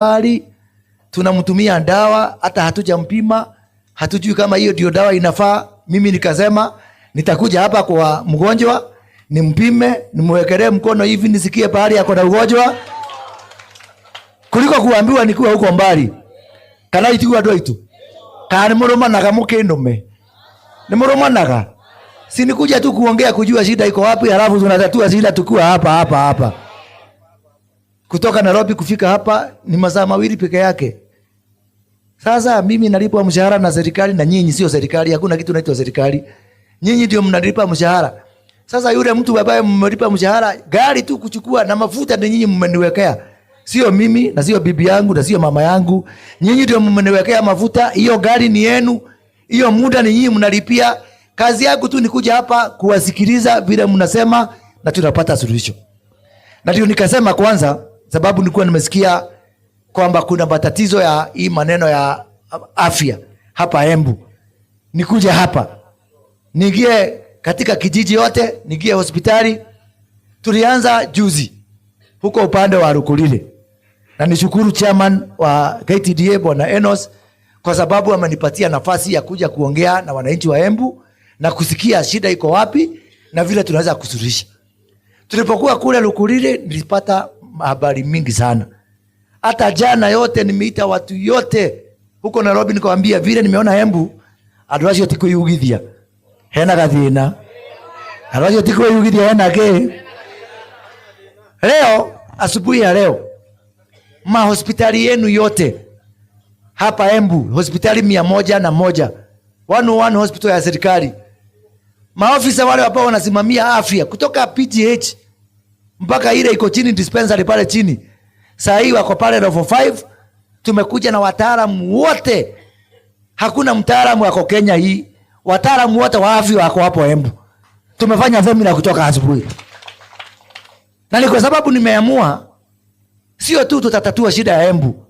hali, tunamtumia dawa, hata hatujampima, hatujui kama hiyo ndio dawa inafaa. Mimi nikasema nitakuja hapa kwa mgonjwa nimpime, nimwekelee mkono hivi, nisikie pahali ako na ugonjwa, kuliko kuambiwa nikiwa huko mbali kana itigwa doitu kana murumanaga mukinume ni murumanaga, si nikuja tu kuongea kujua shida iko wapi, halafu tunatatua shida tukiwa hapa hapa hapa kutoka Nairobi kufika hapa ni masaa mawili peke yake. Sasa mimi nalipwa mshahara na serikali na nyinyi sio serikali, hakuna kitu naitwa serikali. Nyinyi ndio mnalipa mshahara. Sasa yule mtu ambaye mmelipa mshahara, gari tu kuchukua na mafuta ndio nyinyi mmeniwekea. Sio mimi na sio bibi yangu na sio mama yangu. Nyinyi ndio mmeniwekea mafuta, hiyo gari ni yenu. Hiyo muda ni nyinyi mnalipia. Kazi yangu tu ni kuja hapa kuwasikiliza vile mnasema na tunapata suluhisho. Na ndio nikasema kwanza sababu nilikuwa nimesikia kwamba kuna matatizo ya hii maneno ya afya hapa Embu. Nikuje hapa niingie katika kijiji yote, niingie hospitali. Tulianza juzi huko upande wa Rukulile, na nishukuru chairman wa KTDA Bwana Enos kwa sababu amenipatia nafasi ya kuja kuongea na wananchi wa Embu na kusikia shida iko wapi na vile tunaweza kusuluhisha. Tulipokuwa kule Rukulile nilipata habari mingi sana. Hata jana yote nimeita watu yote huko Nairobi, nikawambia vile nimeona hembu andå acio hena gathina andå acio hena kä leo asubuhi ya leo mahospitali yenu yote hapa Embu hospitali mia moja na moja one oh one hospital ya serikali, maofisa wale ambao wanasimamia afya kutoka PGH mpaka ile iko chini dispensary pale chini, saa hii wako pale level 5. Tumekuja na wataalamu wote, hakuna mtaalamu wako Kenya hii, wataalamu wote wa afya wako hapo Embu. Tumefanya semina kutoka asubuhi, na ni kwa sababu nimeamua sio tu tutatatua shida ya Embu,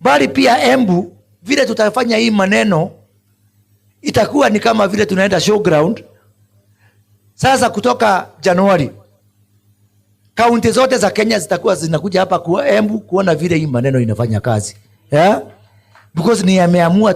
bali pia Embu vile tutafanya hii maneno itakuwa ni kama vile tunaenda showground. Sasa kutoka Januari kaunti zote za Kenya zitakuwa zinakuja hapa kuwa Embu kuona vile hii maneno inafanya kazi yeah? Because ni ameamua